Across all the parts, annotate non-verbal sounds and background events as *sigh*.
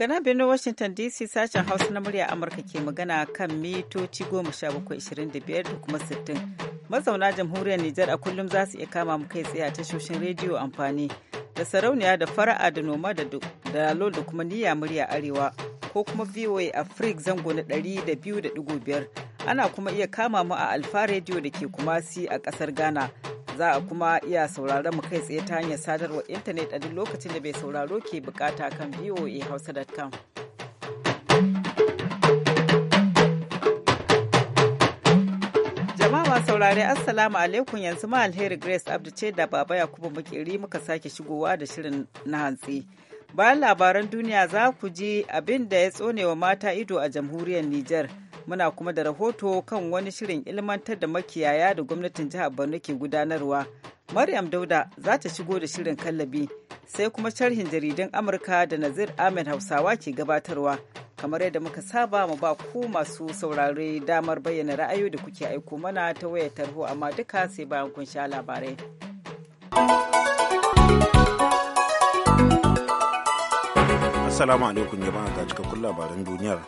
Daga nan birnin Washington DC sashen Hausa na murya Amurka ke magana kan mitoci 1725 da kuma 60. Mazauna jamhuriyar Nijar a kullum za su iya kama mu kai tsaye a tashoshin rediyo amfani da sarauniya da fara'a da noma da dalo da kuma niyya murya arewa ko kuma VOA Africa zango na 200.5 ana kuma iya kama mu a Alfa rediyo da ke Kumasi a kasar Ghana. Za a kuma iya sauraron mu kai tsaye ta hanyar sadarwar intanet a duk lokacin da bai sauraro ke bukata kan voahausa.com. jama'a saurare assalamu alaikum yanzu ma alheri grace abdu ce da baba yakubu makeri muka sake shigowa da shirin na hantsi Bayan labaran duniya za ku ji abin da ya tsonewa mata ido a jamhuriyar Nijar. Muna kuma da rahoto kan wani shirin ilmantar da makiyaya da gwamnatin jihar Borno ke gudanarwa. Maryam Dauda za ta shigo da shirin kallabi sai kuma sharhin jaridun Amurka da Nazir Ahmed Hausawa ke gabatarwa. Kamar yadda muka saba mu ba ku masu saurare damar bayyana ra'ayoyi da kuke aiko mana ta wayar tarho amma duka sai bayan kun sha labarai. Assalamu alaikum jama'a ga cikakkun labaran duniyar.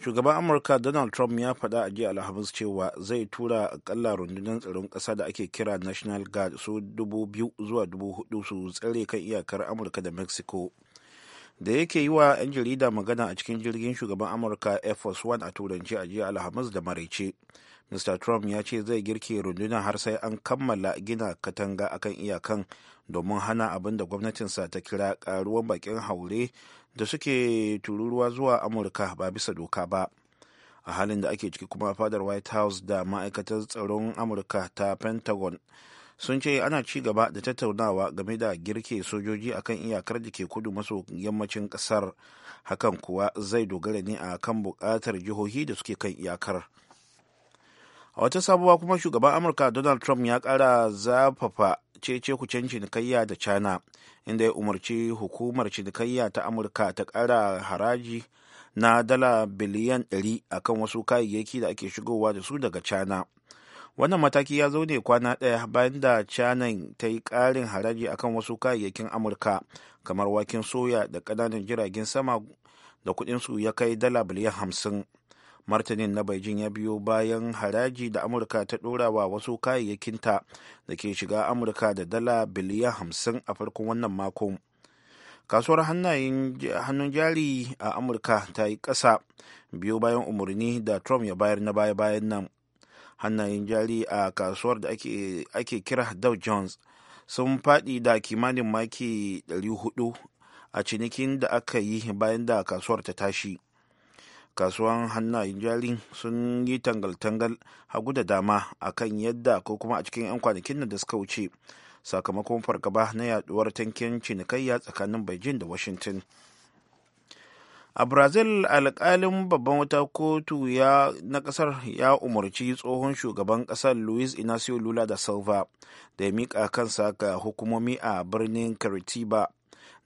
Shugaban Amurka Donald Trump ya faɗa a jiya Alhamis cewa zai tura akalla rundunar tsaron ƙasa da ake kira National Guard su dubu biyu zuwa dubu hudu su tsare kan iyakar Amurka da Mexico. Da yake yi wa 'yan jarida magana a cikin jirgin shugaban Amurka Air Force One a turanci a jiya Alhamis da maraice. Mr. Trump ya ce zai girke rundunar har sai an kammala gina katanga akan iyakan domin hana abin da gwamnatinsa ta kira karuwan bakin haure da suke tururuwa zuwa amurka ba bisa doka ba a halin da ake ciki kuma fadar white house da ma'aikatar tsaron amurka ta pentagon sun ce ana ci gaba da tattaunawa game da girke sojoji akan iyakar da ke kudu maso yammacin kasar hakan kuwa zai dogara ne a kan bukatar jihohi da suke kan iyakar a wata sabuwa kuma shugaban amurka donald trump ya kara zafafa cece-kucen cinikayya da china inda ya umarci hukumar cinikayya ta amurka ta kara haraji na dala biliyan 100 akan wasu kayayyaki da ake shigowa da su daga china wannan mataki ya zo ne kwana ɗaya bayan da china ta yi karin haraji akan wasu kayayyakin amurka kamar waken soya da ƙananan jiragen sama da kuɗinsu ya kai dala biliyan 50 martanin na beijing ya biyo bayan haraji da amurka ta dora wa wasu kayayyakinta da ke shiga amurka da dala biliyan hamsin a farkon wannan makon kasuwar hannun jari a amurka ta yi ƙasa biyo bayan umarni da trump ya bayar na baya-bayan nan hannayen jari a kasuwar da ake, kira dow jones sun faɗi da kimanin maki 400 a cinikin da aka yi bayan da kasuwar ta tashi kasuwan a jari sun yi tangal-tangal hagu da dama a kan yadda ko kuma a cikin 'yan kwanakin nan da suka wuce sakamakon fargaba na yaduwar tankin cinikayya tsakanin beijing da washington a brazil alkalin babban wata kotu na kasar ya umarci tsohon shugaban kasar luis inacio lula da silva da ya mika kansa ga hukumomi a birnin curitiba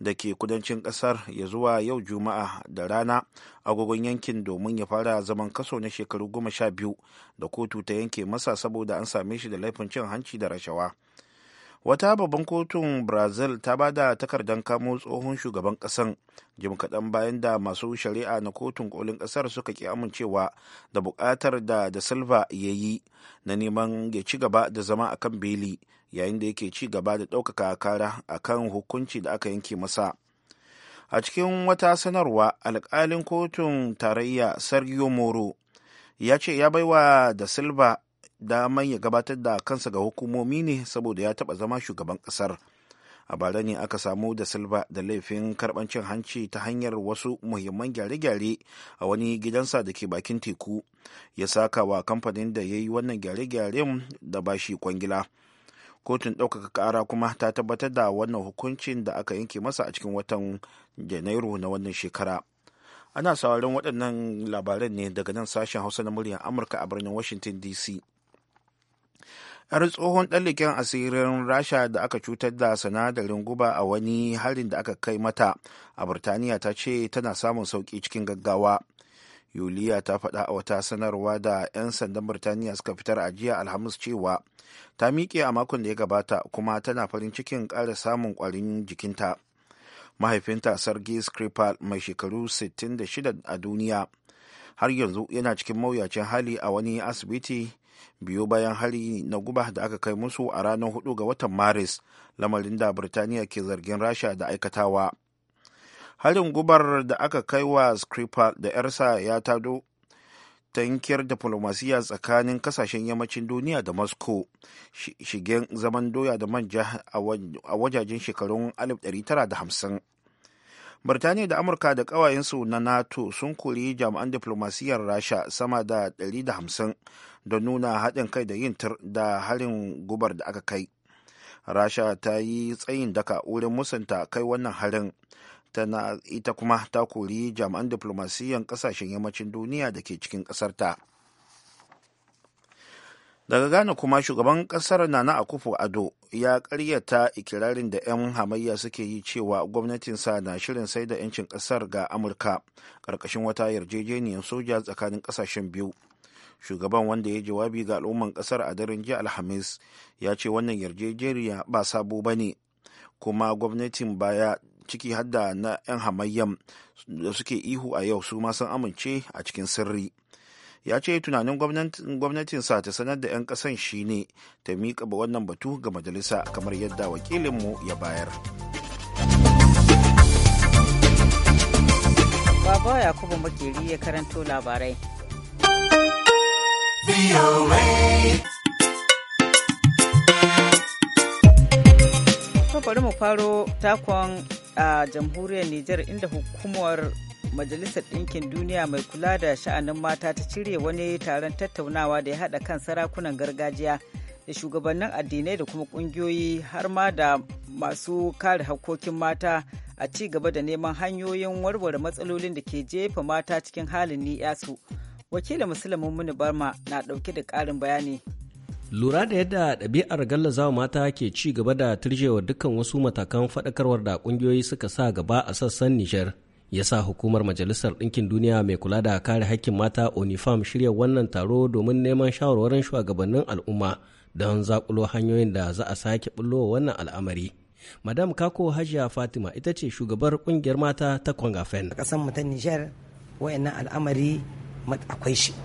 da ke kudancin kasar ya zuwa yau juma'a da rana agogon yankin domin ya fara zaman kaso na shekaru goma sha biyu da kotu ta yanke masa saboda an same shi da laifin cin hanci da rashawa wata babban kotun brazil ta ba da takardar kamo tsohon shugaban kasan jim kaɗan bayan da masu shari'a na kotun kolin ƙasar suka ki amincewa da buƙatar da da silva ya yi na neman ya ci gaba da zama a kan beli yayin da yake ci gaba da ɗaukaka kara a kan hukunci da aka yanke masa a cikin wata sanarwa alƙalin kotun tarayya sergio moro ya ce ya baiwa da silva daman ya gabatar da kansa ga hukumomi ne saboda ya taba zama shugaban kasar a bara ne aka samu da silva da laifin karbancin hanci ta hanyar wasu muhimman gyare-gyare a wani gidansa da ke bakin teku ya saka wa kamfanin da ya yi wannan gyare-gyaren da ba shi kwangila kotun ɗaukaka ƙara kuma ta tabbatar da wannan hukuncin da aka yanke masa a cikin watan janairu na wannan shekara ana sauraron waɗannan labaran ne daga nan sashen hausa na muryar amurka a birnin washington dc har tsohon ɗan asirin rasha da aka cutar da sinadarin guba a wani harin da aka kai mata a burtaniya ta ce tana samun sauki cikin gaggawa yuliya ta faɗa a wata sanarwa da 'yan sandan burtaniya suka fitar a jiya alhamis cewa ta miƙe a makon da ya gabata kuma tana farin cikin ƙara samun ƙwarin jikinta mahaifinta sarge skripal mai shekaru 66 a duniya har yanzu yana cikin mawuyacin hali a wani asibiti biyo bayan hari na guba da aka kai musu a ranar 4 ga watan maris lamarin da birtaniya ke zargin rasha da aikatawa harin gubar da aka kai wa skripal da yarsa ya tado tankiyar diflomasiyya tsakanin kasashen yammacin duniya da moscow shigen zaman doya da manja a wajajen shekarun 1950 Birtaniya da Amurka da kawayensu na NATO sun kori jami'an diplomasiyyar Rasha sama da 150 don nuna haɗin kai da yin da harin gubar da aka kai. Rasha ta yi tsayin daka wurin musanta kai wannan harin. Tana ita kuma ta kori jami'an diplomasiyyar ƙasashen yammacin duniya da ke cikin ƙasarta. ta. daga ghana kuma shugaban kasar na akufo ado ya karyata ikirarin da 'yan hamayya suke yi cewa gwamnatinsa na shirin sai da 'yancin kasar ga amurka karkashin wata yarjejeniyar soja tsakanin kasashen biyu shugaban wanda ya jawabi ga al'umman kasar a daren jiya alhamis ya ce wannan yarjejeniya ba sabo ba ne kuma gwamnatin baya ciki hadda na 'yan hamayyan da suke ihu a yau su ma sun amince a cikin sirri. ya ce tunanin sa ta sanar da 'yan ƙasan shine ta miƙa ba wannan batu ga majalisa kamar yadda wakilinmu ya bayar. Baba Yakubu Makeri ya karanto labarai. bari mu faro takon a ah, jamhuriyar Nijar inda hukumar majalisar ɗinkin duniya mai kula da sha'anin mata ta cire wani taron tattaunawa da ya haɗa kan sarakunan gargajiya da shugabannin addinai da kuma ƙungiyoyi har ma da masu kare hakkokin mata a ci gaba da neman hanyoyin warware matsalolin da ke jefa mata cikin halin ni'yasu wakilin musulmin muni barma na ɗauke da ƙarin bayani lura da yadda ɗabi'ar gallazawa mata ke ci gaba da turjewa dukkan wasu matakan faɗakarwar da ƙungiyoyi suka sa gaba a sassan nijar ya sa hukumar majalisar ɗinkin duniya mai kula da kare haƙƙin mata onifam shirya wannan taro domin neman shawarwarin shugabannin al'umma don zakulo hanyoyin da za a sake bullo wannan al'amari madam kako hajiya fatima ita ce shugabar kungiyar mata ta kwangafen kasan mu ta nijar wayannan al'amari akwai shi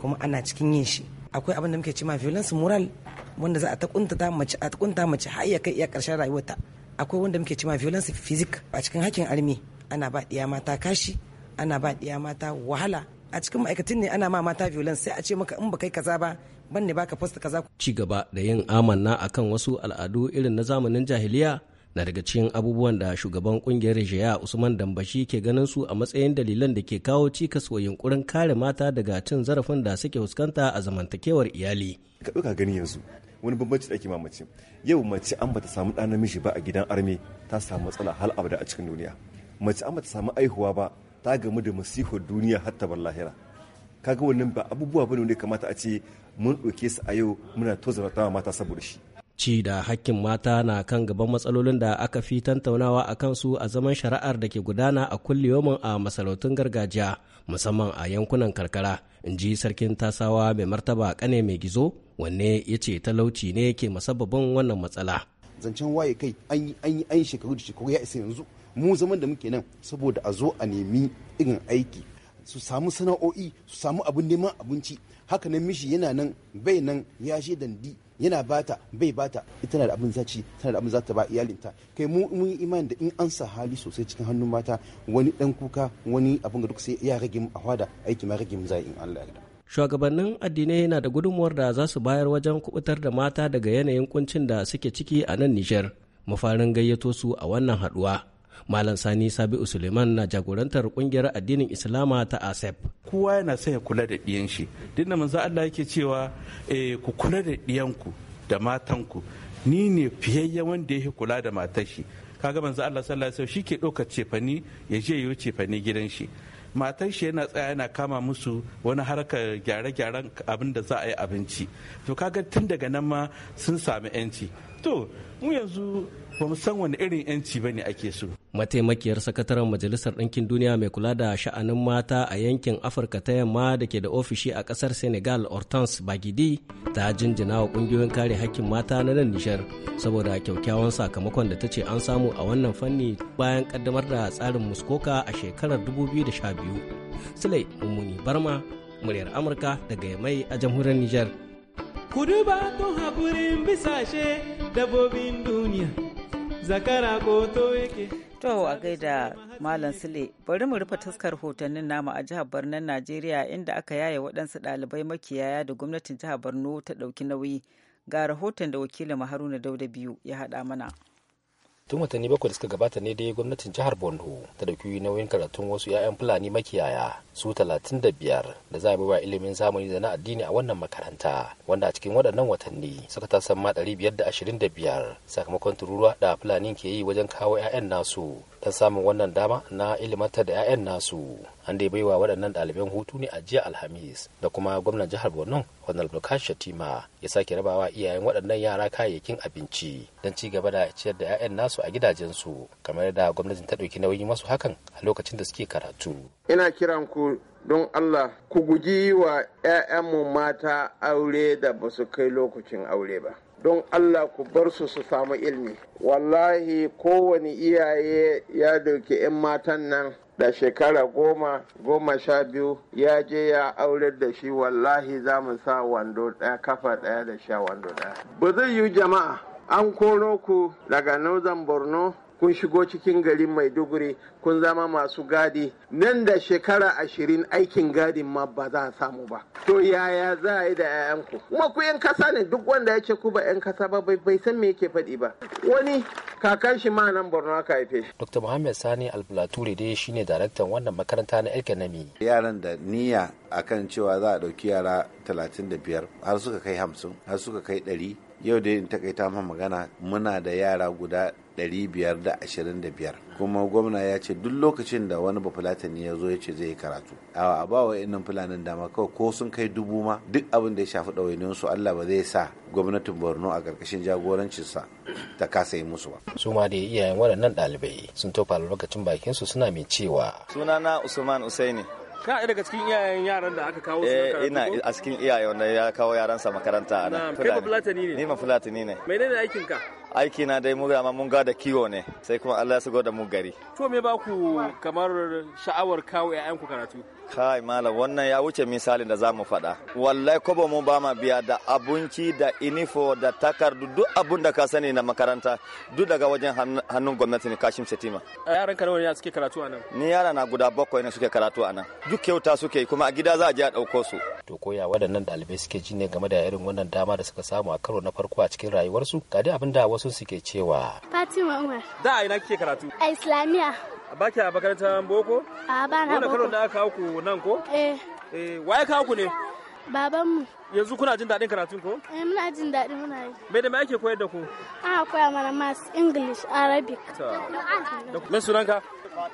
kuma ana cikin yin shi akwai abin da muke cima violence moral wanda za a ta kuntata mace a ta kuntata mace har ya kai iya karshen rayuwarta akwai wanda muke cima violence physique a cikin hakkin army ana ba ɗiya mata kashi ana ba ɗiya mata wahala a cikin ma'aikatan ne ana ma mata violence sai a ce maka in ba kai kaza ba ban ne baka fasta kaza ci gaba da yin amanna akan wasu al'adu irin na zamanin jahiliya na daga cikin abubuwan da shugaban kungiyar Rijiya Usman Dambashi ke ganin su a matsayin dalilan da ke kawo cikas wa yunkurin kare mata daga cin zarafin da suke fuskanta a zamantakewar iyali. Ka ɗauka gani yanzu wani bambanci da ake ma Yau mace an bata samu ɗan namiji ba a gidan armi ta samu matsala hal abada a cikin duniya. mace an bata samu aihuwa ba ta gamu da masihar duniya hatta ban lahira kaga wannan ba abubuwa bane wanda kamata a ce mun ɗauke su a yau muna tozarta mata saboda shi ci da hakkin mata na kan gaban matsalolin da aka fi tantaunawa a kansu a zaman shari'ar da ke gudana a kulliyomin a masarautun gargajiya musamman a yankunan karkara in ji sarkin tasawa mai martaba kane mai gizo wanne ya ce talauci ne ke masababin wannan matsala zancen waye kai an yi shekaru da shekaru ya isa yanzu mu zaman da muke nan saboda a zo a nemi irin aiki su samu sana'o'i su samu abin neman abinci haka nan mishi yana nan bai nan ya she dandi yana bata bai bata ita na da abin zaci tana da abin za ta ba iyalinta kai mu mun imani da in an sa hali sosai cikin hannun mata wani dan kuka wani abin da duk sai ya rage mu a hwada aiki ma rage mu za in Allah ya shugabannin addinai na da gudunmuwar da za su bayar wajen kubutar da mata daga yanayin kuncin da suke ciki a nan Nijar mafarin gayyato su a wannan haduwa Malam Sani Sabi'u Suleiman na jagorantar kungiyar addinin Islama ta ASEP. Kowa yana son ya kula da ɗiyan shi. Duk da manzo Allah yake cewa eh, ku kula da ɗiyanku da matanku. Ni ne fiyayya wanda yake kula da matar shi. Kaga manzo Allah sallallahu alaihi wasallam shi ke ɗaukar cefani ya je yi cefani gidan shi. matar shi yana tsaya yana kama musu wani harkar gyare-gyaren abinda da za a yi abinci to kaga tun daga nan ma sun samu yanci to mu yanzu ba mu san wani irin yanci ba ne ake so. Mataimakiyar sakataren Majalisar Ɗinkin Duniya mai kula da sha'anin mata a yankin Afirka ta yamma da ke da ofishi a ƙasar Senegal Hortense Bagidi ta jinjina wa ƙungiyoyin kare hakkin mata na nan Nijar saboda kyaukyawan sakamakon da ta ce an samu a wannan fanni bayan ƙaddamar da tsarin Muskoka a shekarar 2012. Sule Mummuni Barma, muryar Amurka daga Yamai a jamhuriyar Nijar. kuduba don haƙurin bisashe dabobin duniya zakara ko to yake to a gaida malam sule bari mu rufe taskar hotonnin nama a jihar barnan najeriya inda aka yaye waɗansu ɗalibai makiyaya da gwamnatin jihar borno ta ɗauki nauyi ga rahoton da wakilin haruna dauda biyu ya haɗa mana tun watanni bakwai da suka gabata ne dai gwamnatin jihar borno ta dauki nauyin karatun wasu 'ya'yan fulani makiyaya su talatin da biyar da za a wa ilimin zamani da na addini a wannan makaranta wanda a cikin waɗannan watanni suka ashirin da biyar sakamakon tururuwa da fulani ke yi wajen kawo 'ya'yan nasu ta samun wannan dama na ilimantar da 'ya'yan nasu an dai baiwa waɗannan ɗaliban hutu ne a jiya alhamis da kuma gwamnan jihar borno wanda bukashi shatima ya sake rabawa iyayen waɗannan yara kayayyakin abinci don ci gaba da ciyar da 'ya'yan nasu a gidajensu kamar da gwamnatin ta ɗauki nauyi masu hakan a lokacin da suke karatu ina kiran ku don Allah ku guji wa 'ya'yanmu mata aure da ba su kai lokacin aure ba don Allah ku bar su su samu ilmi wallahi kowane iyaye ya dauki 'yan matan nan da shekara goma goma sha biyu ya je ya aurar da shi wallahi za mu sa wando ɗaya kafa ɗaya da sha wando ɗaya ba zai yi jama'a an koro ku daga northern borno kun shigo cikin garin maiduguri kun zama masu gadi nan da shekara ashirin aikin gadin ma ba za a samu ba to yaya za a yi da 'ya'yanku kuma ku 'yan kasa ne duk wanda ya ce ku ba 'yan kasa ba bai san me yake faɗi ba wani kakan shi ma nan borno aka haife dr muhammad sani albulature dai shine daraktan wannan makaranta na elkanami yaran da niyya akan cewa za a ɗauki yara talatin da biyar har suka kai hamsin, har suka kai ɗari. yau dai in takaita ma magana muna da yara guda 525 kuma gwamna ya ce duk lokacin da wani bafulatani ya zo ya ce zai yi karatu a ba wa innan fulanin dama kawai ko sun kai dubu ma duk abin da ya shafi ɗawainin su Allah ba zai sa gwamnatin Borno a ƙarƙashin sa ta kasa yi musu ba su ma da iyayen waɗannan ɗalibai sun tofa lokacin bakin su suna mai cewa sunana Usman Usaini ka daga cikin iyayen yaran da aka kawo su eh ina a cikin iyayen wanda ya kawo yaran sa makaranta ana kai ba fulatani ne ni ma fulatani ne menene aikin ka aiki na dai muga ma mun da kiwo ne sai kuma Allah ya shigo da mu gari to me ba ku kamar sha'awar kawo yayan ku karatu kai malam wannan ya wuce misalin da za mu faɗa Wallai kobo mu ba ma biya da abinci da inifo da takardu duk abun da ka sani na makaranta duk daga wajen hannun gwamnati ne kashim setima yaran kanawa ya suke karatu a nan ni yara na guda bakwai ne suke karatu a nan duk kyauta suke kuma a gida za a je a ɗauko su to koya waɗannan ɗalibai suke ji ne game da irin wannan dama da suka samu a karo na farko a cikin rayuwarsu ga dai abin da wasu suke cewa fatima umar da a ina kike karatu a islamiya ba ki a makarantar boko a ba na boko wannan karon aka kawo ku nan ko eh eh waye kawo ku ne babanmu yanzu kuna jin daɗin karatun ko eh muna jin daɗin muna yi me da me ake koyar da ku ana koya mana maths english arabic da me sunanka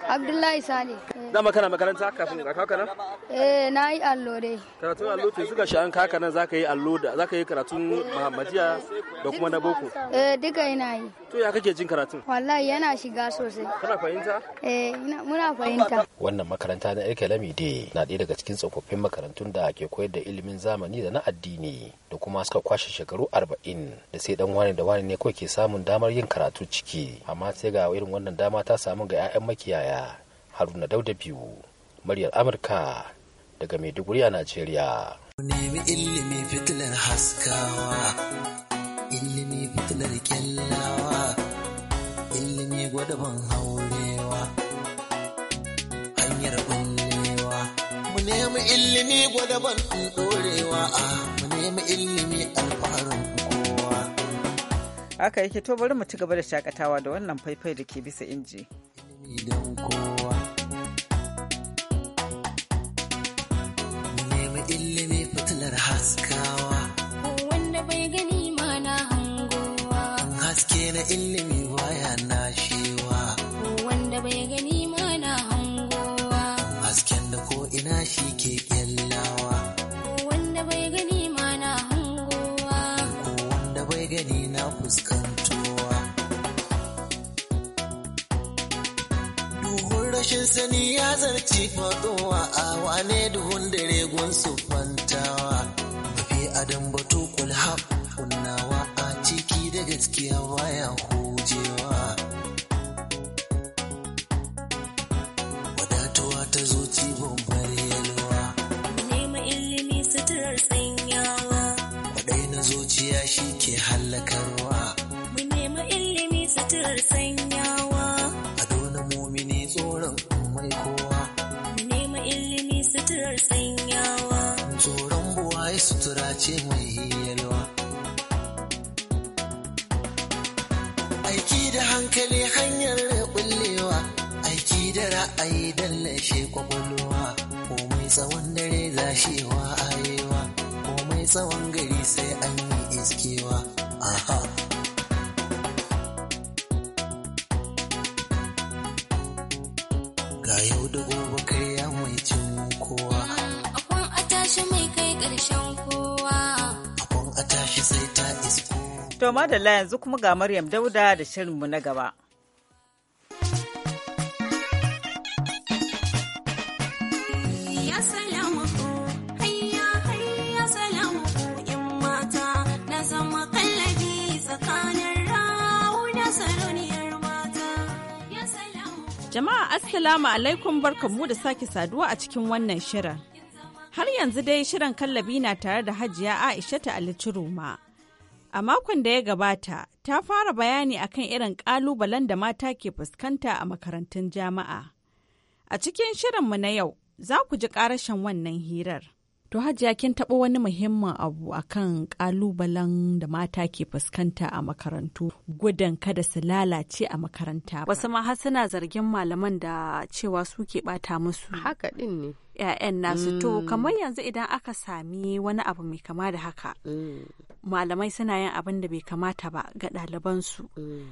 Abdullahi Sani. Dama kana makaranta kafin a kaka nan? Eh na yi allo dai. Karatun allo to suka sha'an kaka nan ka yi allo da za ka yi karatun Muhammadiyya da kuma na boko. Eh duka ina yi. To ya kake jin karatun? Wallahi yana shiga sosai. Kana fahimta? Eh muna fahimta. Wannan makaranta na Irke Lamide na ɗaya daga cikin tsofaffin makarantun da ke koyar da ilimin zamani da na addini da kuma suka kwashe shekaru arba'in da sai dan wani da wani ne kawai ke samun damar yin karatu ciki amma sai ga irin wannan dama ta samu ga 'ya'yan makiya Yaya haruna dauda biyu muryar amurka daga maiduguri a najeriya nemi ilimi fitilar gwadaban haurewa hanyar mu nemi ilimi alfaharin kowa haka yake to bari mu ci gaba da shakatawa da wannan faifai da ke bisa inji. idan kowa mu ilimi fitilar haskawa wanda bai gani ma na hangowa haske na ilimi baya nashewa wanda bai gani ma na hangowa hasken da ko ina shi ke kyallawa wanda bai gani ma na hangowa wanda bai gani na fuska Cikin sani ya zarci faɗowa a wane duhun regon su fantawa. Mafi adam batu kulhab kunnawa a ciki da gaskiya baya hujewa. Wadatuwa ta zoci babbar yalwa. Nema ilimi suturar sanyawa. Kwadai na zuciya shi ke hallakarwa. To madalla yanzu kuma ga Maryam Dauda da shirin mu na gaba. Jama'a Assalamu alaikum barkanmu da sake saduwa a cikin wannan shirin. Har yanzu dai shirin kallabi na tare da hajiya ta ta Ciroma. A makon da ya gabata, ta fara bayani akan irin ƙalubalen da mata ke fuskanta a makarantun jama'a. A cikin shirinmu na yau, za ku ji ƙarashin wannan hirar. To hajiya kin taɓa wani muhimmin abu akan ƙalubalen da mata ke fuskanta a makarantu gudun kada su lalace a makaranta. Wasu ma har suna zargin malaman da cewa su ke ɓata musu. Haka din ne. 'ya'yan nasu to mm. kamar yanzu idan aka sami wani abu mai kama da haka mm. malamai suna yin abin da bai kamata ba ga ɗalibansu mm.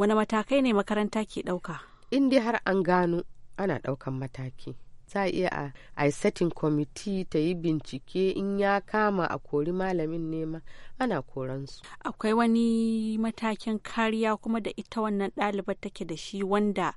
wani matakai ne makaranta ke ɗauka in dai har an gano ana ɗaukan mataki za a iya a yi setting ta yi bincike in ya kama a kori malamin nema ana koransu akwai wani matakin kariya kuma da ita wannan ɗalibar take da shi wanda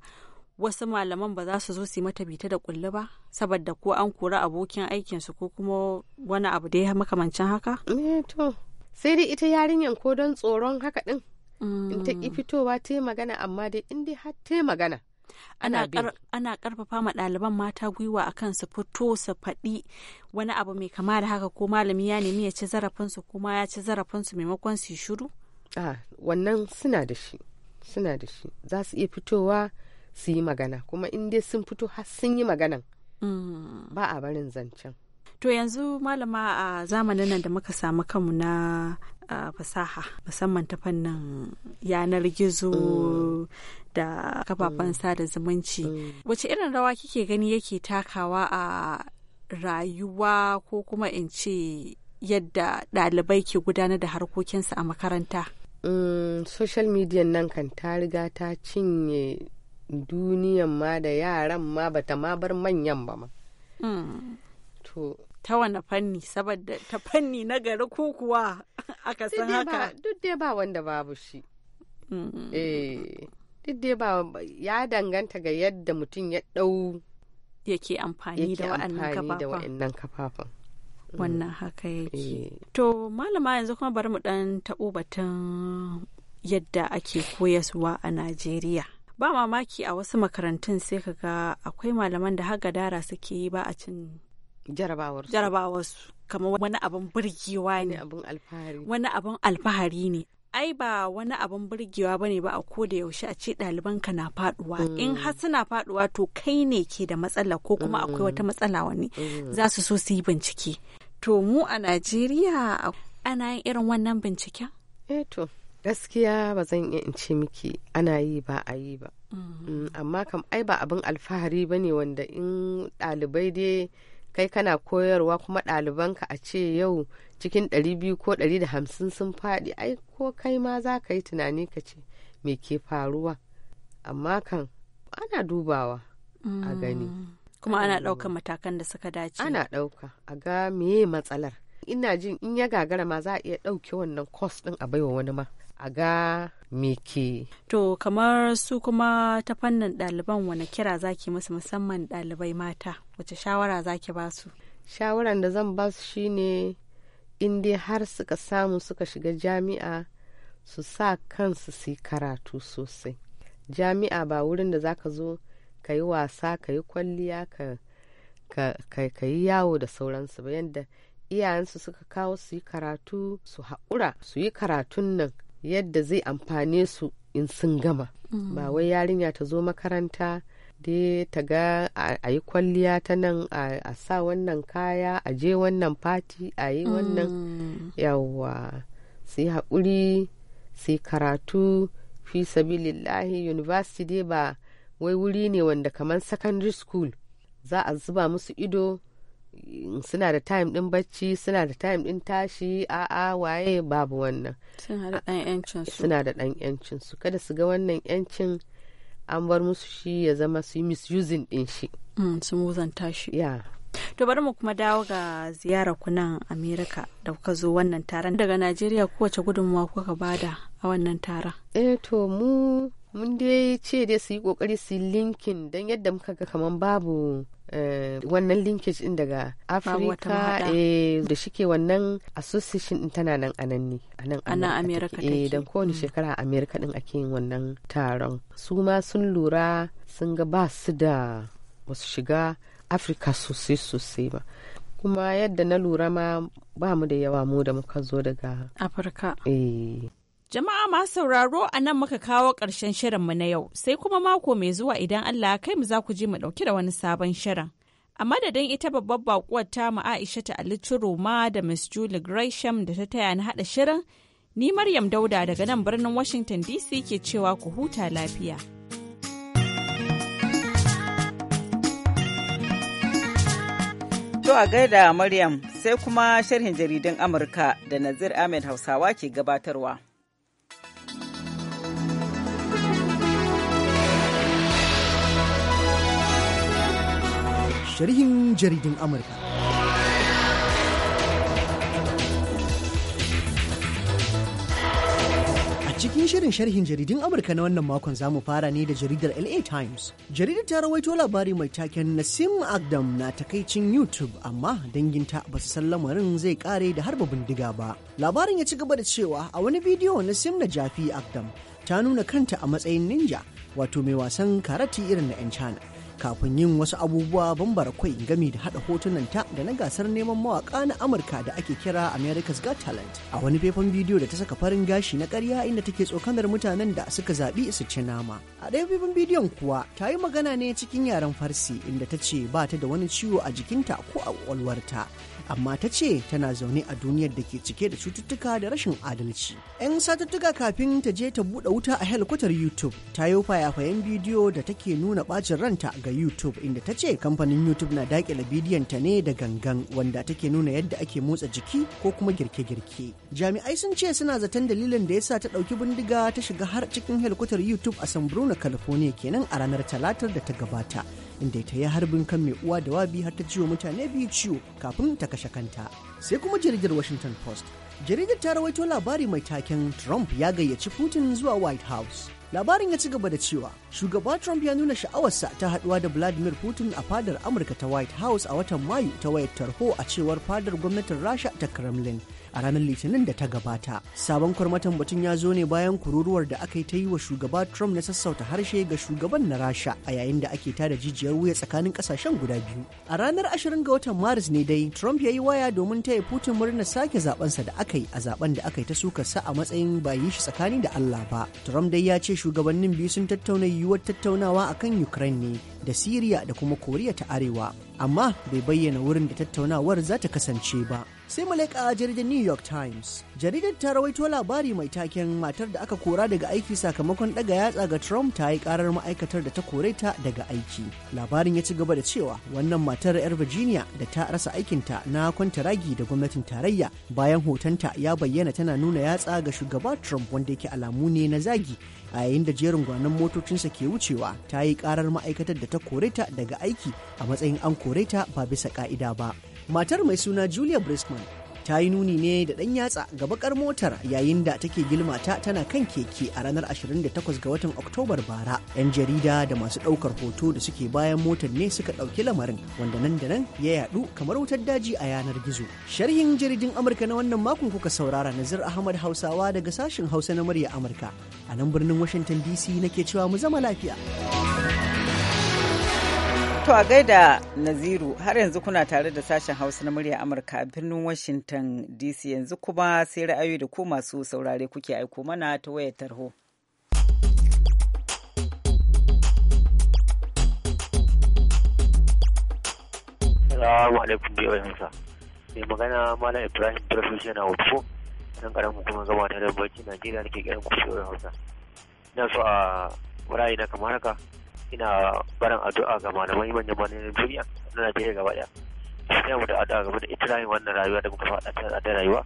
wasu malaman ba za su zo su yi mata bita da kulli ba saboda ko an kora abokin aikinsu ko kuma wani abu da ya makamancin haka? Eh, to sai dai ita yarinyar ko don tsoron haka din mm. in ta ki fitowa ta magana amma dai in dai har ta magana ana karfafa ma ɗaliban mata gwiwa akan su fito su faɗi wani abu mai kama da haka ko malami ya nemi ya ci zarafinsu kuma ya ci zarafinsu maimakon su shiru? Ah, wannan suna da shi suna da shi za su iya fitowa su yi magana kuma in dai sun fito har sun yi magana. ba a barin zancen to yanzu malama a zamanin nan da muka samu kanmu na fasaha musamman ta fannin yanar gizo mm. da kafafen mm. sada zumunci mm. wace irin rawa kike gani yake takawa a rayuwa ko kuma in ce yadda ɗalibai ke gudanar da harkokinsu a makaranta social media nan kan ta riga ta cinye duniyan ma da yaran ma bata ma bar manyan ba ma hmm. to ta wani fanni saboda ta fanni na gari ko kuwa *laughs* aka san haka duk dai ba wanda babu shi hmm. eh duk dai ba ya danganta ga yadda mutum ya dau yake amfani da wa'annan kafafan wannan haka mm. yake eh. to malama yanzu kuma bari mu ɗan taɓo batun yadda ake koyaswa a najeriya ba mamaki a wasu makarantun sai ka ga akwai malaman da haga dara suke yi ba a cin jarabawarsu su kamar wani abin burgewa ne wani abin alfahari ne ai ba wani abin burgewa ba ne ba a koda yaushe a ce ɗalibanka na faduwa in mm. har suna faduwa to kai ne ke da matsala ko kuma akwai mm. wata matsala wani mm. za su so su yi bincike to mu a najeriya ana yin irin wannan binciken eh to gaskiya ba zan iya in ce miki ana yi ba a yi ba mm. Mm, amma kam ai ba abin alfahari ba ne wanda in ɗalibai dai kai kana koyarwa kuma ɗalibanka a ce yau cikin ɗari biyu ko ɗari da hamsin sun faɗi ai ko kai ma za ka yi tunani ka ce me ke faruwa amma kan ana dubawa a mm. gani kuma ana ɗaukar matakan da suka dace ana ɗauka a ga meye matsalar ina jin in ya gagara ma za a iya ɗauke wannan kwas ɗin a baiwa wani ma a ga miki. To kamar su kuma ta fannin ɗaliban wani kira zaki musu musamman ɗalibai mata wace shawara zaki ba su? Shawaran da zan ba su shine in dai har suka samu suka shiga jami'a su sa kansu su karatu sosai. Jami'a ba wurin da za ka zo ka yi wasa ka yi kwalliya ka ka yi yawo da sauransu ba yadda iyayensu suka kawo su yi karatu su haƙura su yi karatun nan yadda zai amfane su in sun gama ba mm. wai yarinya ta zo makaranta dai ta ga a yi kwalliya ta nan a sa wannan kaya a je wannan fati a yi wannan mm. yawa su yi haƙuri su yi karatu fi lillahi university dai ba wai wuri ne wanda kamar secondary school za a zuba musu ido suna da time din bacci suna da time din tashi a'a waye babu wannan suna da dan yancin su suna da kada su ga wannan yancin an bar musu shi ya zama su yi misusing din shi mm, su muzanta shi ya to bari mu kuma dawo ga ziyara ku nan america da kuka zo wannan taron daga najeriya kowace gudunmawa kuka bada a wannan taron eh to mu mun dai ce dai su yi kokari su linkin don yadda muka ga kaman babu Eh, wannan linkage din daga afirka eh, da shike wannan association din tana nan a nan ne a nan ta ke eh, don kowane mm. shekara a america din ake yin wannan taron su ma sun lura sun ga ba su da wasu shiga afirka sosai sosai ba kuma yadda na lura ma ba mu da yawa mu da muka zo daga afirka eh Jama'a masu sauraro a nan muka kawo ƙarshen shirin mu na yau, sai kuma mako mai zuwa idan Allah kai mu za ku je mu ɗauki da wani sabon shirin. A madadin ita babbar baƙuwar ta mu Aisha ta Ali Roma da Miss Julie Gresham da ta taya na haɗa shirin, ni Maryam Dauda daga nan birnin Washington DC ke cewa ku huta lafiya. To a gaida Maryam sai kuma sharhin jaridan Amurka da Nazir Ahmed Hausawa ke gabatarwa. sharhin jaridin Amurka. A cikin shirin sharhin jaridin amurka na wannan makon zamu fara ne da jaridar la times jaridar ta rawaito labari mai taken nasim agdam na takaicin youtube amma danginta ba su san lamarin zai kare da harba bindiga ba labarin ya ci gaba da cewa a wani bidiyo nasim na jafi agdam ta nuna kanta a matsayin ninja wato mai wasan karati irin na 'yan china kafin yin wasu abubuwa bambara kwai gami da hada ta da na gasar neman mawaka na amurka da ake kira america's got talent a wani faifan bidiyo da ta saka farin gashi na karya inda take tsokanar mutanen da suka zaɓi su ci nama a ɗaya faifan bidiyon kuwa ta yi magana ne cikin yaren farsi inda ta ce ba ta da wani ciwo a jikinta ko a kwakwalwarta. amma ta ce tana zaune a duniyar da ke cike da cututtuka da rashin adalci. 'Yan satuttuka kafin ta je ta buɗe wuta a helkwatar YouTube ta yi fayafayen bidiyo da take nuna ɓacin ranta ga YouTube inda ta ce kamfanin YouTube na daƙile bidiyon ta ne da gangan wanda take nuna yadda ake motsa jiki ko kuma girke-girke. Jami'ai sun ce suna zaton dalilin da ya sa ta ɗauki bindiga ta shiga har cikin helkwatar YouTube a San Bruno, California kenan a ranar talatar da ta gabata inda ta yi harbin kan mai uwa da wabi har ta ciwo mutane biyu ciwo kafin ta kashe sai kuma jaridar washington post jaridar ta rawaito labari mai taken trump ya gayyaci putin zuwa white house labarin ya ci gaba da cewa shugaba trump ya nuna sha'awarsa ta haɗuwa da vladimir putin a fadar amurka ta white house a watan mayu ta wayar tarho a cewar fadar gwamnatin rasha ta kremlin a ranar litinin da ta gabata sabon kwarmatan mutum ya zo ne bayan kururuwar da aka yi ta yi wa shugaba trump na sassauta harshe ga shugaban na rasha a yayin da ake tada jijiyar wuya tsakanin kasashen guda biyu a ranar 20 ga watan maris ne dai trump ya yi waya domin ta taya putin murnar sake zabensa da aka yi a zaben da aka yi ta suka sa a matsayin ba yi shi tsakani da allah ba trump dai ya ce shugabannin biyu sun tattauna yiwuwar tattaunawa akan ukraine ne da Siriya da kuma Koriya ta Arewa, amma bai bayyana wurin da tattaunawar za ta kasance ba. sai mu leƙa jaridar new york times jaridar ta rawaito labari mai taken matar da aka kora daga aiki sakamakon ɗaga yatsa ga trump ta yi karar ma'aikatar da ta kore ta daga aiki labarin ya ci gaba da cewa wannan matar yar virginia da ta rasa aikinta na ragi da gwamnatin tarayya bayan hotonta ya bayyana tana nuna yatsa ga shugaba trump wanda yake alamu ne na zagi a yayin da jerin gwanon motocinsa ke wucewa ta yi karar ma'aikatar da ta kore ta daga aiki a matsayin an kore ta ba bisa ka'ida ba matar mai suna julia Brisman ta yi nuni ne da ɗan yatsa ga bakar motar yayin da take gilmata tana kan keke a ranar 28 ga watan oktobar bara yan jarida da masu ɗaukar hoto da suke bayan motar ne suka ɗauki lamarin wanda nan da nan ya yaɗu kamar wutar daji a yanar gizo sharhin jaridin amurka na wannan makon kuka saurara nazir ahmad hausawa daga sashen hausa na murya amurka a nan birnin washington dc nake cewa mu zama lafiya. To a gaida Naziru har yanzu kuna tare da sashen Hausa na murya Amurka a birnin Washington DC yanzu kuma sai ra'ayoyi da ku masu saurare kuke aiko mana ta wayar tarho. Salamu alaikum yansa. Mai magana Malam Ibrahim Barfish yana Wutfo, nan karamin kuma zama ta da Bauchi Najeriya nake kiran ku shi Hausa. Ina so a ra'ayi na kamar haka. ina barin addu'a ga malamai manyan malamai duniya na Najeriya gaba ɗaya. sai mu da addu'a game da itirayin wannan rayuwa da muka faɗa ta da rayuwa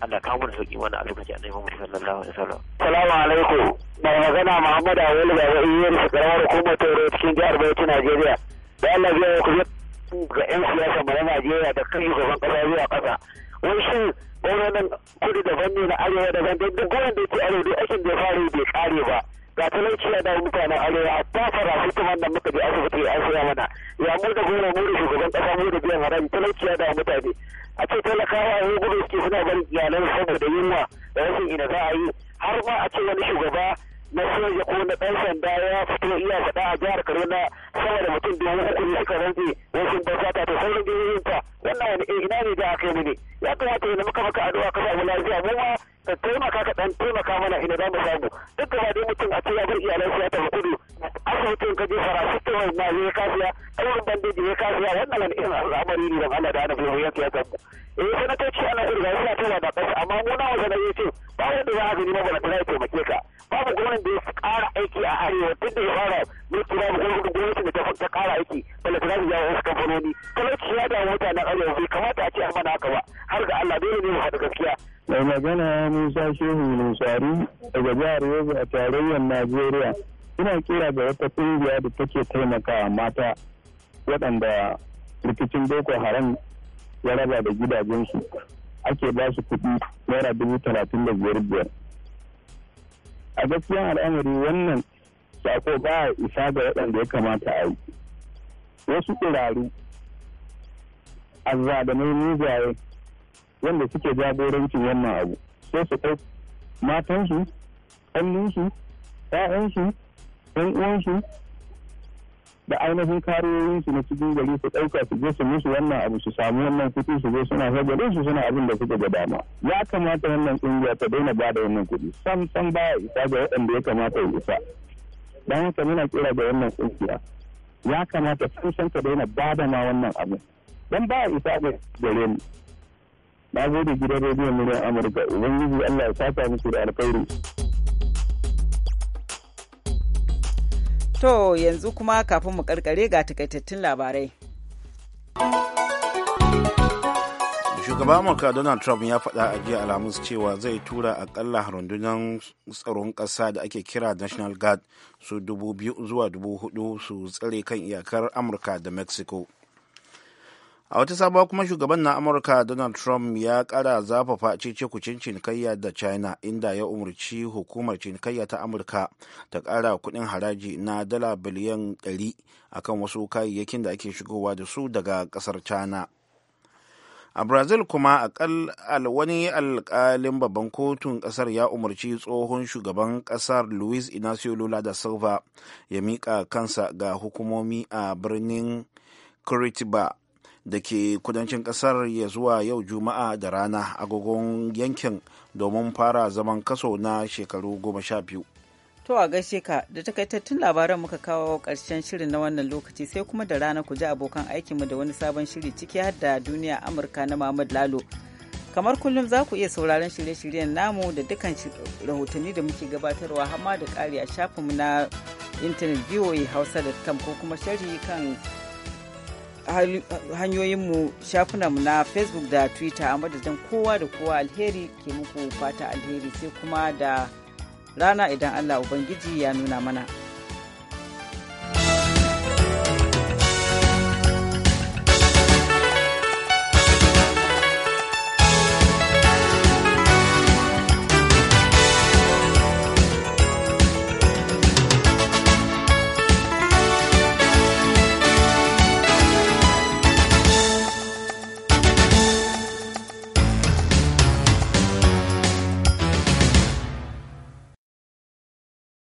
Allah kawo mana sauki mana a lokaci annabi Muhammad sallallahu alaihi wasallam assalamu alaikum mai magana Muhammad Awolu Baba Iyar Sakarar Hukumar Toro cikin jihar Bauchi Najeriya da Allah ya ku ga 'yan siyasa mu Najeriya da kai gaban ƙasa zuwa ƙasa. Wai shin gwamnatin kudu daban ne na arewa daban don duk gwamnatin da ke arewa duk aikin da ya fara bai kare ba. ga talauci ya dawo mutanen arewa hatta fara su kuma muka je asibiti an saya mana ya mu da gora mu da shugaban kasa mu da biyan haram talauci ya dawo mutane a ce talakawa ya gudu suke suna bari iyalan saboda yunwa da rashin ina za a yi har ma a ce wani shugaba na soja ko na ɗan sanda ya fito iya faɗa a jihar Kaduna sama da mutum dubu uku ne suka rantse rashin basata ta sauran jihohin wannan wani eh, ina ne da aka yi mu ne ya kamata yana muka maka addu'a ka samu lafiya mu ma da iyalan su ya tafi kudu asibitin ka je farasitin wani na ya kafiya ayyukan bandeji ya kasiya wannan wani irin al'amari ne da Allah da ana ya tafi kira ga wata kungiya da take taimaka mata waɗanda rikicin boko haram ya raba da gidajensu ake ba su kuɗi naira dubu talatin da biyar biyar a gaskiyan al'amari wannan sako ba a isa ga waɗanda ya kamata a yi wasu ƙiraru azzadamai mugaye wanda suke jagorancin wannan abu sai su ɗau matansu ƙannunsu ‘ya'yansu yan uwansu da ainihin su na cikin gari su ɗauka su je su musu wannan abu su samu wannan kuɗi su je suna shagalin su suna abin da suke da dama ya kamata wannan ƙungiya ta daina ba da wannan kuɗi sam sam baya isa ga waɗanda ya kamata ya isa dan haka muna kira ga wannan ƙungiya ya kamata sam sam ta daina ba da ma wannan abu dan baya isa ga gare mu na gode gidan rediyon muryar amurka ubangiji allah ya sata musu da alkhairi To yanzu kuma kafin mu karkare ga takaitattun labarai. Shugaban Amurka Donald Trump ya faɗa a jiya Alhamis cewa zai tura akalla rundunar tsaron ƙasa da ake kira National Guard su dubu biyu zuwa dubu hudu su tsare kan iyakar Amurka da Mexico. a wata sabuwa kuma shugaban na amurka donald trump ya kara zafafa cece-kucin cinikayya da china inda ya umarci hukumar cinikayya ta amurka ta kara kudin haraji na dala biliyan 100 akan wasu kayayyakin da ake shigowa da su daga kasar china a brazil kuma akal wani alkalin babban kotun kasar ya umarci tsohon shugaban kasar luis inacio lula da silva ya miƙa kansa ga hukumomi a birnin curitiba da ke kudancin kasar ya zuwa yau juma'a da rana agogon yankin domin fara zaman kaso na shekaru goma sha biyu to a gaishe ka da takaitattun labaran muka kawo karshen shirin na wannan lokaci sai kuma da rana ku ji abokan aikinmu da wani sabon shiri ciki har da duniya amurka na mamad lalo kamar kullum za ku iya sauraron shirye-shiryen namu da dukkan rahotanni da muke gabatarwa hama da kari a shafinmu na intanet voa ko kuma shari kan hanyoyinmu shafinanmu na facebook da twitter amma da madadin kowa da kowa alheri ke muku fata alheri sai kuma da rana idan allah ubangiji ya nuna mana.